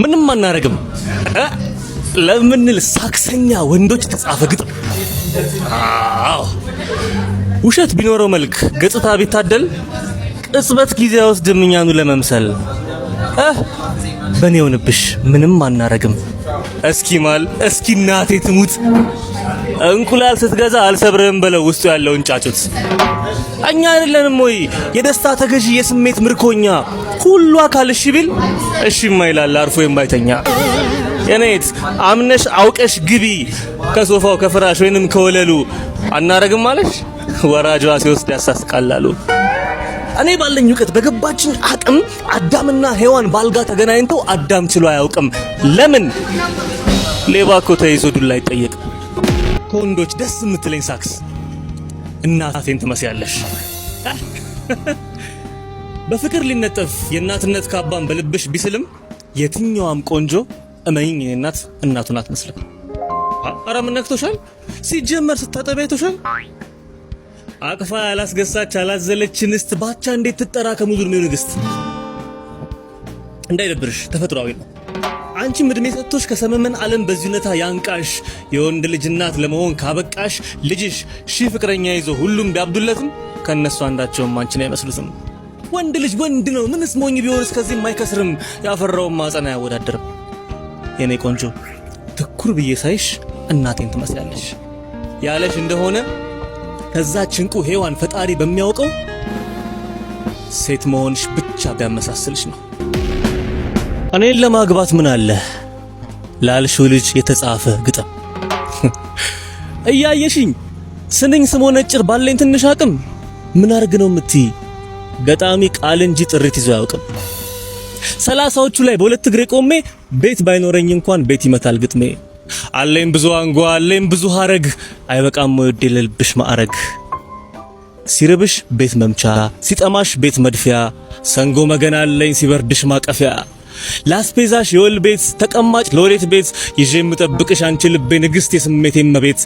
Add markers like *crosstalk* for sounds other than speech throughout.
ምንም አናረግም ለምንል ሳክሰኛ ወንዶች የተጻፈ ግጥም። አዎ ውሸት ቢኖረው መልክ ገጽታ ቢታደል ቅጽበት ጊዜ ውስጥ ድምኛኑ ለመምሰል በእኔ ሆንብሽ ምንም አናረግም። እስኪ ማል እስኪ እናቴ ትሙት እንቁላል ስትገዛ አልሰብርህም ብለው ውስጡ ያለውን ጫጩት እኛ አይደለንም ወይ የደስታ ተገዢ የስሜት ምርኮኛ ሁሉ አካል እሺ ቢል እሺ ማይላል አርፎ የማይተኛ የኔት አምነሽ አውቀሽ ግቢ ከሶፋው ከፍራሽ ወይንም ከወለሉ አናረግም ማለሽ ወራጇ ሲወስድ ያሳስቃላሉ እኔ ባለኝ እውቀት በገባችን አቅም አዳምና ሔዋን ባልጋ ተገናኝተው አዳም ችሎ አያውቅም። ለምን ሌባ እኮ ተይዞ ዱላ አይጠየቅም። ከወንዶች ደስ የምትለኝ ሳክስ እናቴን ትመስያለሽ። በፍቅር ሊነጠፍ የእናትነት ካባን በልብሽ ቢስልም የትኛዋም ቆንጆ እመኝ እናት እናቱን አትመስልም። አረ ምን ነክቶሻል? ሲጀመር ስታጠቢያ አይቶሻል? አቅፋ ያላስገሳች ያላዘለች ንስት ባቻ እንዴት ትጠራ ከሙዙር ንግስት። እንዳይደብርሽ ተፈጥሯዊ ነው። አንቺም እድሜ ሰጥቶሽ ከሰመመን ዓለም በዚህ ሁኔታ ያንቃሽ። የወንድ ልጅ እናት ለመሆን ካበቃሽ ልጅሽ ሺህ ፍቅረኛ ይዞ ሁሉም ቢያብዱለትም ከእነሱ አንዳቸውም አንቺን አይመስሉትም። ወንድ ልጅ ወንድ ነው። ምንስ ሞኝ ቢሆን እስከዚህም አይከስርም። ያፈራውን ማፀን አያወዳደርም። የኔ ቆንጆ ትኩር ብዬ ሳይሽ እናቴን ትመስላለሽ። ያለሽ እንደሆነ ከዛ እንቁ ሔዋን ፈጣሪ በሚያውቀው ሴት መሆንሽ ብቻ ቢያመሳስልሽ ነው። እኔን ለማግባት ምን አለ ላልሽው ልጅ የተጻፈ ግጥም *laughs* እያየሽኝ ስንኝ ስሞ ነጭር ባለኝ ትንሽ አቅም ምን አርግ ነው የምትይ? ገጣሚ ቃል እንጂ ጥሪት ይዞ አያውቅም። ሰላሳዎቹ ላይ በሁለት እግሬ ቆሜ ቤት ባይኖረኝ እንኳን ቤት ይመታል ግጥሜ። አለኝ ብዙ አንጓ አለኝ ብዙ ሀረግ አይበቃም ወድ የለልብሽ ማዕረግ ሲርብሽ ቤት መምቻ ሲጠማሽ ቤት መድፊያ ሰንጎ መገና አለኝ ሲበርድሽ ማቀፊያ ላስፔዛሽ የወል ቤት ተቀማጭ ለወዴት ቤት ይዤ የምጠብቅሽ አንቺ ልቤ ንግሥት የስሜቴ መቤት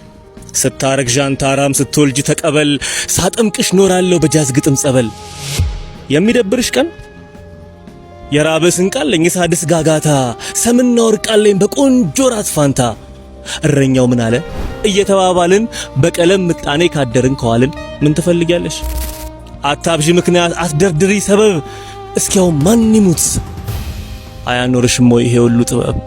ስታረግ ዣንታራም ስትወልጂ ተቀበል ሳጠምቅሽ ኖራለሁ በጃዝ ግጥም ጸበል የሚደብርሽ ቀን የራበስን ቃለኝ የሳድስ ጋጋታ ሰምና ወርቃለኝ በቆንጆ ራስ ፋንታ እረኛው ምን አለ እየተባባልን በቀለም ምጣኔ ካደርን ከዋልን ምን ትፈልጊያለሽ? አታብዥ ምክንያት አትደርድሪ ሰበብ እስኪያው ማን ይሙት አያኖርሽም ወይ ይሄ ሁሉ ጥበብ